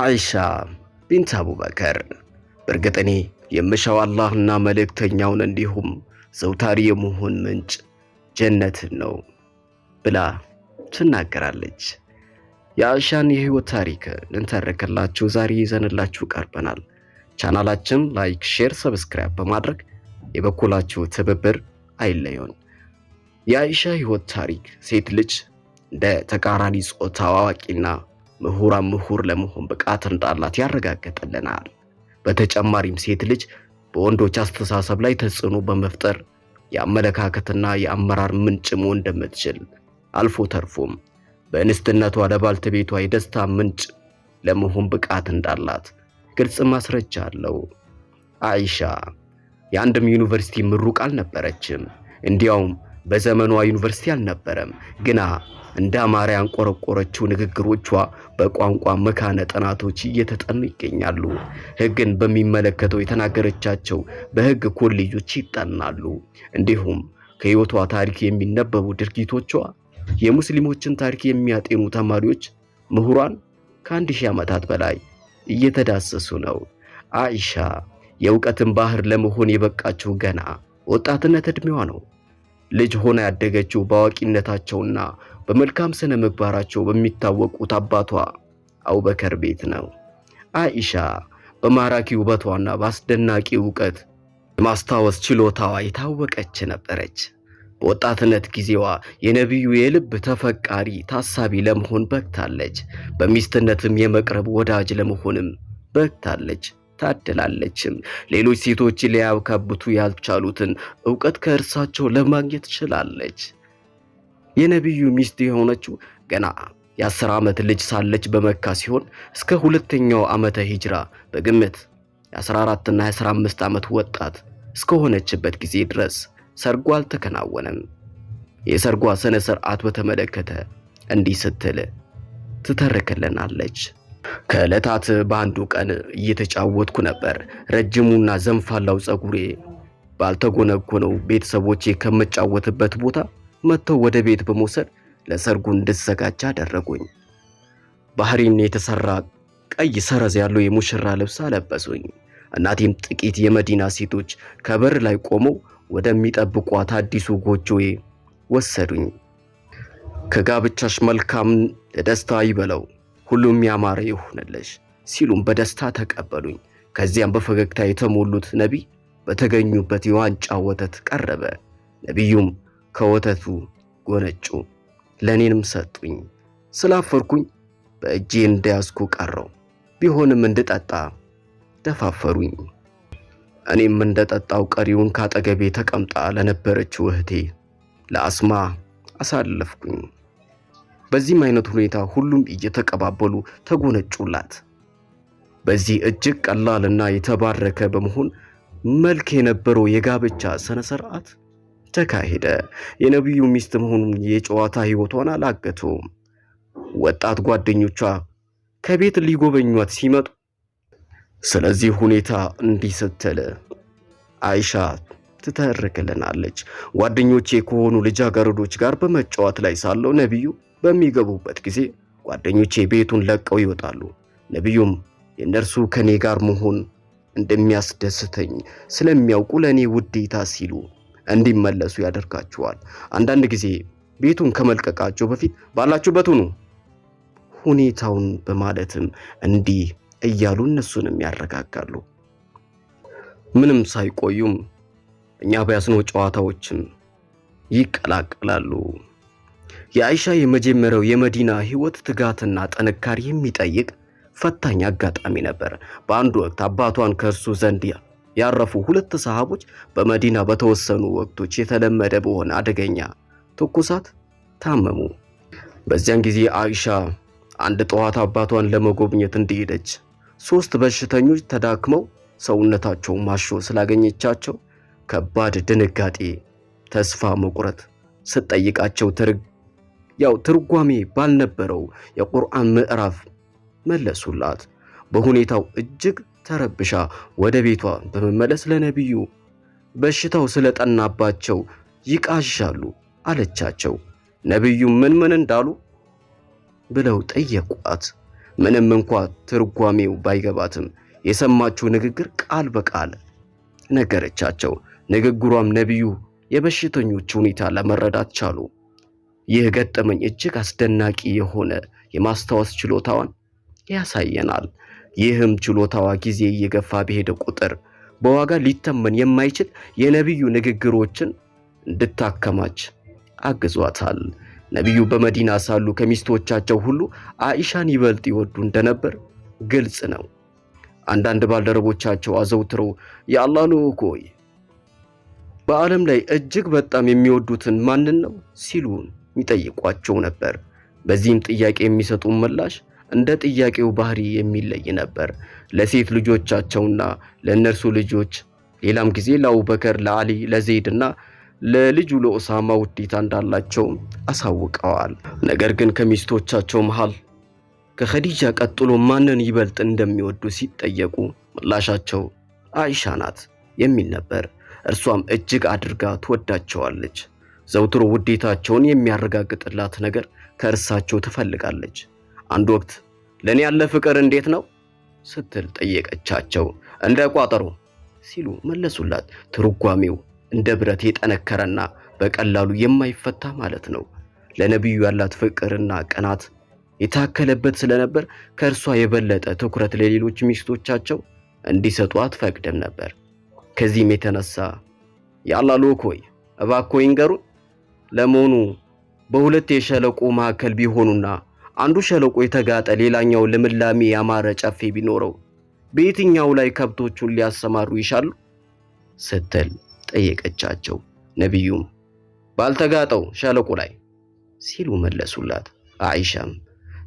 አይሻ ቢንት አቡበከር በእርግጥ እኔ የምሻው አላህና መልእክተኛውን እንዲሁም ዘውታሪ የመሆን ምንጭ ጀነትን ነው ብላ ትናገራለች። የአይሻን የህይወት ታሪክ ልንተርክላችሁ ዛሬ ይዘንላችሁ ቀርበናል። ቻናላችን ላይክ፣ ሼር፣ ሰብስክራይብ በማድረግ የበኩላችሁ ትብብር አይለዩን። የአይሻ ህይወት ታሪክ ሴት ልጅ እንደ ተቃራኒ ጾታ አዋቂና ምሁራ ምሁር ለመሆን ብቃት እንዳላት ያረጋግጥልናል። በተጨማሪም ሴት ልጅ በወንዶች አስተሳሰብ ላይ ተጽዕኖ በመፍጠር የአመለካከትና የአመራር ምንጭ መሆን እንደምትችል አልፎ ተርፎም በእንስትነቷ ለባልተቤቷ የደስታ ምንጭ ለመሆን ብቃት እንዳላት ግልጽ ማስረጃ አለው። አይሻ የአንድም ዩኒቨርሲቲ ምሩቅ አልነበረችም። እንዲያውም በዘመኗ ዩኒቨርሲቲ አልነበረም ግና እንደ አማር ያንቆረቆረችው ንግግሮቿ በቋንቋ መካነ ጥናቶች እየተጠኑ ይገኛሉ። ሕግን በሚመለከተው የተናገረቻቸው በሕግ ኮሌጆች ይጠናሉ። እንዲሁም ከሕይወቷ ታሪክ የሚነበቡ ድርጊቶቿ የሙስሊሞችን ታሪክ የሚያጤኑ ተማሪዎች፣ ምሁራን ከአንድ ሺህ ዓመታት በላይ እየተዳሰሱ ነው። አኢሻ የእውቀትን ባህር ለመሆን የበቃችው ገና ወጣትነት ዕድሜዋ ነው። ልጅ ሆና ያደገችው በአዋቂነታቸውና በመልካም ስነ ምግባራቸው በሚታወቁት አባቷ አቡበከር ቤት ነው። አኢሻ በማራኪ ውበቷና በአስደናቂ እውቀት የማስታወስ ችሎታዋ የታወቀች ነበረች። በወጣትነት ጊዜዋ የነቢዩ የልብ ተፈቃሪ ታሳቢ ለመሆን በቅታለች። በሚስትነትም የመቅረብ ወዳጅ ለመሆንም በቅታለች ታደላለችም ሌሎች ሴቶች ሊያካብቱ ያልቻሉትን እውቀት ከእርሳቸው ለማግኘት ችላለች። የነቢዩ ሚስት የሆነችው ገና የአስር ዓመት ልጅ ሳለች በመካ ሲሆን እስከ ሁለተኛው ዓመተ ሂጅራ በግምት የ14ና የ ዓመት ወጣት እስከሆነችበት ጊዜ ድረስ ሰርጓ አልተከናወነም። የሰርጓ ሥነ ሥርዓት በተመለከተ እንዲህ ስትል ትተርክልናለች። ከዕለታት በአንዱ ቀን እየተጫወትኩ ነበር። ረጅሙና ዘንፋላው ፀጉሬ ባልተጎነጎነው ቤተሰቦቼ ከምጫወትበት ቦታ መጥተው ወደ ቤት በመውሰድ ለሰርጉ እንድዘጋጅ አደረጉኝ። ባህሪን የተሰራ ቀይ ሰረዝ ያለው የሙሽራ ልብስ አለበሱኝ። እናቴም ጥቂት የመዲና ሴቶች ከበር ላይ ቆመው ወደሚጠብቋት አዲሱ ጎጆዬ ወሰዱኝ። ከጋብቻሽ መልካም ለደስታ ይበለው፣ ሁሉም ያማረ ይሁንልሽ ሲሉም በደስታ ተቀበሉኝ። ከዚያም በፈገግታ የተሞሉት ነቢይ በተገኙበት የዋንጫ ወተት ቀረበ። ነቢዩም ከወተቱ ጎነጩ፣ ለእኔንም ሰጡኝ። ስላፈርኩኝ በእጄ እንዳያዝኩ ቀረው። ቢሆንም እንድጠጣ ደፋፈሩኝ። እኔም እንደጠጣው ቀሪውን ካጠገቤ ተቀምጣ ለነበረችው እህቴ ለአስማ አሳለፍኩኝ። በዚህም አይነት ሁኔታ ሁሉም እየተቀባበሉ ተጎነጩላት። በዚህ እጅግ ቀላልና የተባረከ በመሆን መልክ የነበረው የጋብቻ ስነ ተካሄደ። የነቢዩ ሚስት መሆኑን የጨዋታ ህይወቷን አላገቱ። ወጣት ጓደኞቿ ከቤት ሊጎበኟት ሲመጡ ስለዚህ ሁኔታ እንዲህ ስትል አይሻ ትተርክልናለች። ጓደኞቼ ከሆኑ ልጃገረዶች ጋር በመጫወት ላይ ሳለው ነቢዩ በሚገቡበት ጊዜ ጓደኞቼ ቤቱን ለቀው ይወጣሉ። ነቢዩም የእነርሱ ከኔ ጋር መሆን እንደሚያስደስተኝ ስለሚያውቁ ለእኔ ውዴታ ሲሉ እንዲመለሱ ያደርጋችኋል። አንዳንድ ጊዜ ቤቱን ከመልቀቃቸው በፊት ባላችሁበት ሁኑ ሁኔታውን በማለትም እንዲህ እያሉ እነሱንም ያረጋጋሉ። ምንም ሳይቆዩም እኛ በያዝነው ጨዋታዎችም ይቀላቀላሉ። የአይሻ የመጀመሪያው የመዲና ህይወት ትጋትና ጥንካሬ የሚጠይቅ ፈታኝ አጋጣሚ ነበር። በአንድ ወቅት አባቷን ከእርሱ ዘንድ ያረፉ ሁለት ሰሃቦች በመዲና በተወሰኑ ወቅቶች የተለመደ በሆነ አደገኛ ትኩሳት ታመሙ። በዚያን ጊዜ አይሻ አንድ ጠዋት አባቷን ለመጎብኘት እንደሄደች ሶስት በሽተኞች ተዳክመው ሰውነታቸውን ማሾ ስላገኘቻቸው ከባድ ድንጋጤ፣ ተስፋ መቁረጥ ስትጠይቃቸው ያው ትርጓሜ ባልነበረው የቁርአን ምዕራፍ መለሱላት። በሁኔታው እጅግ ተረብሻ ወደ ቤቷ በመመለስ ለነቢዩ በሽታው ስለጠናባቸው ይቃዣሉ አለቻቸው። ነቢዩ ምን ምን እንዳሉ ብለው ጠየቋት። ምንም እንኳ ትርጓሜው ባይገባትም የሰማችው ንግግር ቃል በቃል ነገረቻቸው። ንግግሯም ነቢዩ የበሽተኞች ሁኔታ ለመረዳት ቻሉ። ይህ ገጠመኝ እጅግ አስደናቂ የሆነ የማስታወስ ችሎታዋን ያሳየናል። ይህም ችሎታዋ ጊዜ እየገፋ በሄደ ቁጥር በዋጋ ሊተመን የማይችል የነቢዩ ንግግሮችን እንድታከማች አግዟታል። ነቢዩ በመዲና ሳሉ ከሚስቶቻቸው ሁሉ አኢሻን ይበልጥ ይወዱ እንደነበር ግልጽ ነው። አንዳንድ ባልደረቦቻቸው አዘውትረው የአላህ ልዑክ ሆይ በዓለም ላይ እጅግ በጣም የሚወዱትን ማንን ነው ሲሉ ይጠይቋቸው ነበር። በዚህም ጥያቄ የሚሰጡ ምላሽ እንደ ጥያቄው ባህሪ የሚለይ ነበር። ለሴት ልጆቻቸውና ለእነርሱ ልጆች ሌላም ጊዜ ለአቡበከር፣ ለአሊ፣ ለዘይድና ለልጁ ለኦሳማ ውዴታ እንዳላቸው አሳውቀዋል። ነገር ግን ከሚስቶቻቸው መሃል ከኸዲጃ ቀጥሎ ማንን ይበልጥ እንደሚወዱ ሲጠየቁ ምላሻቸው አይሻ ናት የሚል ነበር። እርሷም እጅግ አድርጋ ትወዳቸዋለች። ዘውትሮ ውዴታቸውን የሚያረጋግጥላት ነገር ከእርሳቸው ትፈልጋለች። አንድ ወቅት ለእኔ ያለ ፍቅር እንዴት ነው ስትል ጠየቀቻቸው። እንደ ቋጠሮ ሲሉ መለሱላት። ትርጓሜው እንደ ብረት የጠነከረና በቀላሉ የማይፈታ ማለት ነው። ለነቢዩ ያላት ፍቅርና ቅናት የታከለበት ስለነበር ከእርሷ የበለጠ ትኩረት ለሌሎች ሚስቶቻቸው እንዲሰጡ አትፈቅድም ነበር። ከዚህም የተነሳ የአላህ ሆይ እባክዎ ይንገሩን፣ ለመሆኑ በሁለት የሸለቆ መካከል ቢሆኑና አንዱ ሸለቆ የተጋጠ ሌላኛው ልምላሜ ያማረ ጨፌ ቢኖረው በየትኛው ላይ ከብቶቹን ሊያሰማሩ ይሻሉ? ስትል ጠየቀቻቸው። ነቢዩም ባልተጋጠው ሸለቆ ላይ ሲሉ መለሱላት። አይሻም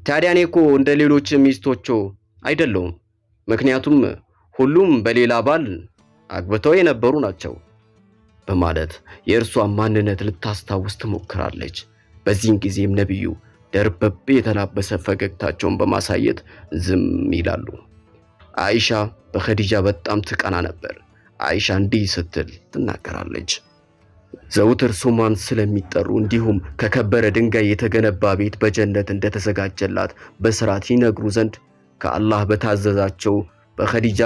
ታዲያ እኔ እኮ እንደ ሌሎች ሚስቶቹ አይደለውም። ምክንያቱም ሁሉም በሌላ ባል አግብተው የነበሩ ናቸው በማለት የእርሷን ማንነት ልታስታውስ ትሞክራለች። በዚህን ጊዜም ነቢዩ ደርበብ የተላበሰ ፈገግታቸውን በማሳየት ዝም ይላሉ። አይሻ በኸዲጃ በጣም ትቀና ነበር። አይሻ እንዲህ ስትል ትናገራለች። ዘውትር ሱማን ስለሚጠሩ እንዲሁም ከከበረ ድንጋይ የተገነባ ቤት በጀነት እንደተዘጋጀላት በስርዓት ይነግሩ ዘንድ ከአላህ በታዘዛቸው በኸዲጃ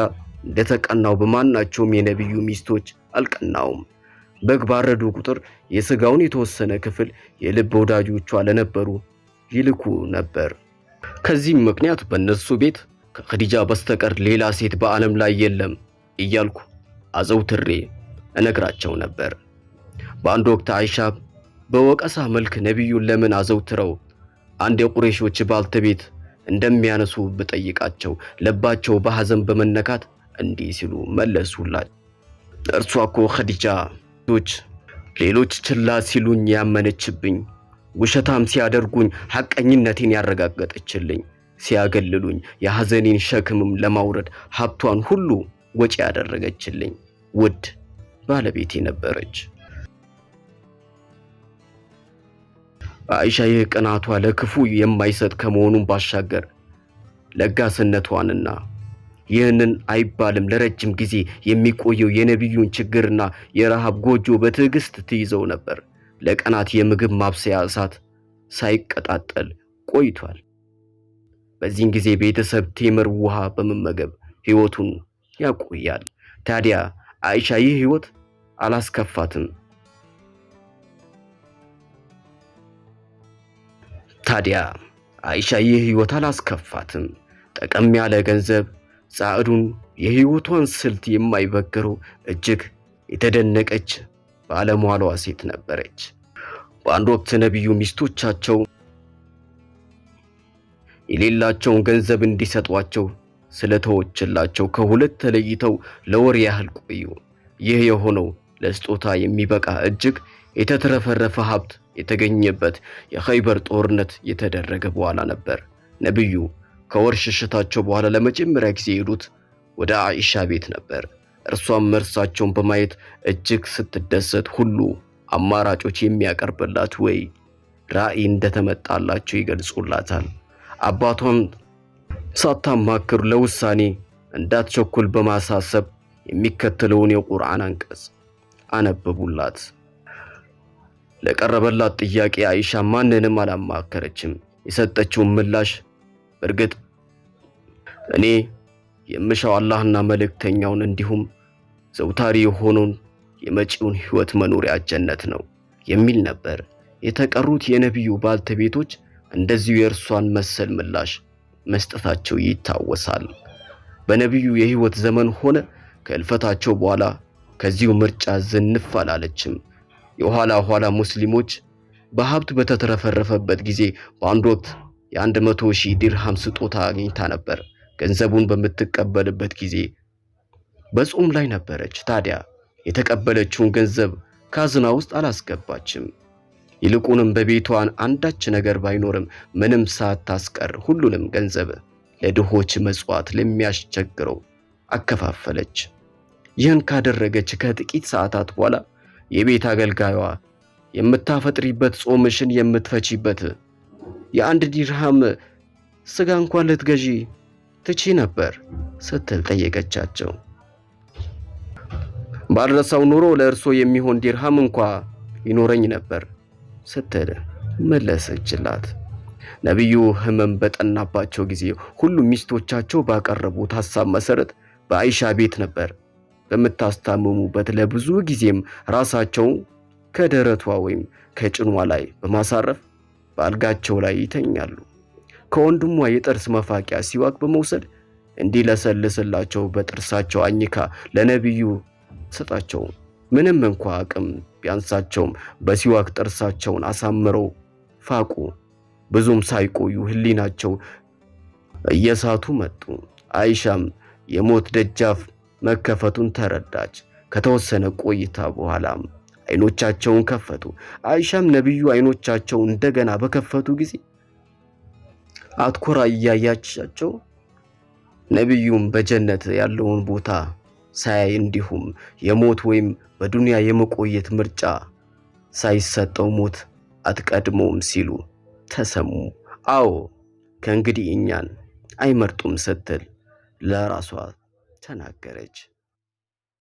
እንደተቀናው በማናቸውም የነቢዩ ሚስቶች አልቀናውም። በግ ባረዱ ቁጥር የሥጋውን የተወሰነ ክፍል የልብ ወዳጆቿ ለነበሩ ይልኩ ነበር። ከዚህም ምክንያት በእነሱ ቤት ከኸዲጃ በስተቀር ሌላ ሴት በዓለም ላይ የለም እያልኩ አዘውትሬ እነግራቸው ነበር። በአንድ ወቅት አይሻ በወቀሳ መልክ ነቢዩን ለምን አዘውትረው አንድ የቁሬሾች ባልተቤት እንደሚያነሱ ብጠይቃቸው ልባቸው በሐዘን በመነካት እንዲህ ሲሉ መለሱላት እርሷ እኮ ኸዲጃ ሌሎች ችላ ሲሉኝ ያመነችብኝ ውሸታም ሲያደርጉኝ ሐቀኝነቴን ያረጋገጠችልኝ፣ ሲያገልሉኝ የሐዘኔን ሸክምም ለማውረድ ሀብቷን ሁሉ ወጪ ያደረገችልኝ ውድ ባለቤቴ ነበረች። አይሻ ይህ ቅናቷ ለክፉ የማይሰጥ ከመሆኑን ባሻገር ለጋስነቷንና ይህንን አይባልም ለረጅም ጊዜ የሚቆየው የነቢዩን ችግርና የረሃብ ጎጆ በትዕግስት ትይዘው ነበር። ለቀናት የምግብ ማብሰያ እሳት ሳይቀጣጠል ቆይቷል። በዚህን ጊዜ ቤተሰብ ቴምር ውሃ በመመገብ ሕይወቱን ያቆያል። ታዲያ አይሻ ይህ ሕይወት አላስከፋትም። ታዲያ አይሻ ይህ ሕይወት አላስከፋትም። ጠቀም ያለ ገንዘብ ጻዕዱን የሕይወቷን ስልት የማይበግረው እጅግ የተደነቀች ባለሟሏ ሴት ነበረች። በአንድ ወቅት ነቢዩ ሚስቶቻቸው የሌላቸውን ገንዘብ እንዲሰጧቸው ስለተወችላቸው ከሁለት ተለይተው ለወር ያህል ቆዩ። ይህ የሆነው ለስጦታ የሚበቃ እጅግ የተትረፈረፈ ሀብት የተገኘበት የኸይበር ጦርነት የተደረገ በኋላ ነበር። ነቢዩ ከወር ሽሽታቸው በኋላ ለመጀመሪያ ጊዜ የሄዱት ወደ አኢሻ ቤት ነበር። እርሷም እርሳቸውን በማየት እጅግ ስትደሰት ሁሉ አማራጮች የሚያቀርብላት ወይ ራእይ እንደተመጣላቸው ይገልጹላታል። አባቷን ሳታማክሩ ለውሳኔ እንዳትቸኩል በማሳሰብ የሚከተለውን የቁርአን አንቀጽ አነበቡላት። ለቀረበላት ጥያቄ አይሻ ማንንም አላማከረችም። የሰጠችውን ምላሽ በእርግጥ እኔ የምሻው አላህና መልእክተኛውን እንዲሁም ዘውታሪ የሆነውን የመጪውን ሕይወት መኖሪያ ጀነት ነው የሚል ነበር። የተቀሩት የነቢዩ ባልተቤቶች እንደዚሁ የእርሷን መሰል ምላሽ መስጠታቸው ይታወሳል። በነቢዩ የሕይወት ዘመን ሆነ ከእልፈታቸው በኋላ ከዚሁ ምርጫ ዝንፍ አላለችም። የኋላ ኋላ ሙስሊሞች በሀብት በተትረፈረፈበት ጊዜ በአንድ ወቅት የአንድ መቶ ሺህ ዲርሃም ስጦታ አግኝታ ነበር። ገንዘቡን በምትቀበልበት ጊዜ በጾም ላይ ነበረች። ታዲያ የተቀበለችውን ገንዘብ ካዝና ውስጥ አላስገባችም። ይልቁንም በቤቷን አንዳች ነገር ባይኖርም ምንም ሳታስቀር ሁሉንም ገንዘብ ለድሆች መጽዋት ለሚያስቸግረው አከፋፈለች። ይህን ካደረገች ከጥቂት ሰዓታት በኋላ የቤት አገልጋዩዋ የምታፈጥሪበት ጾምሽን የምትፈቺበት የአንድ ዲርሃም ስጋ እንኳን ልትገዢ ትቺ ነበር ስትል ጠየቀቻቸው። ባልረሳው ኑሮ ለእርሶ የሚሆን ዲርሃም እንኳ ይኖረኝ ነበር ስትል መለሰችላት። ነቢዩ ህመም በጠናባቸው ጊዜ ሁሉም ሚስቶቻቸው ባቀረቡት ሐሳብ መሰረት በአይሻ ቤት ነበር በምታስታምሙበት ለብዙ ጊዜም ራሳቸው ከደረቷ ወይም ከጭኗ ላይ በማሳረፍ በአልጋቸው ላይ ይተኛሉ። ከወንድሟ የጥርስ መፋቂያ ሲዋክ በመውሰድ እንዲለሰልስላቸው በጥርሳቸው አኝካ ለነቢዩ ሰጣቸው ምንም እንኳ አቅም ቢያንሳቸውም በሲዋክ ጥርሳቸውን አሳምረው ፋቁ። ብዙም ሳይቆዩ ህሊናቸው እየሳቱ መጡ። አይሻም የሞት ደጃፍ መከፈቱን ተረዳች። ከተወሰነ ቆይታ በኋላም አይኖቻቸውን ከፈቱ። አይሻም ነቢዩ አይኖቻቸው እንደገና በከፈቱ ጊዜ አትኮራ እያያቻቸው ነቢዩም በጀነት ያለውን ቦታ ሳያይ እንዲሁም የሞት ወይም በዱንያ የመቆየት ምርጫ ሳይሰጠው ሞት አትቀድመውም ሲሉ ተሰሙ። አዎ ከእንግዲህ እኛን አይመርጡም ስትል ለራሷ ተናገረች።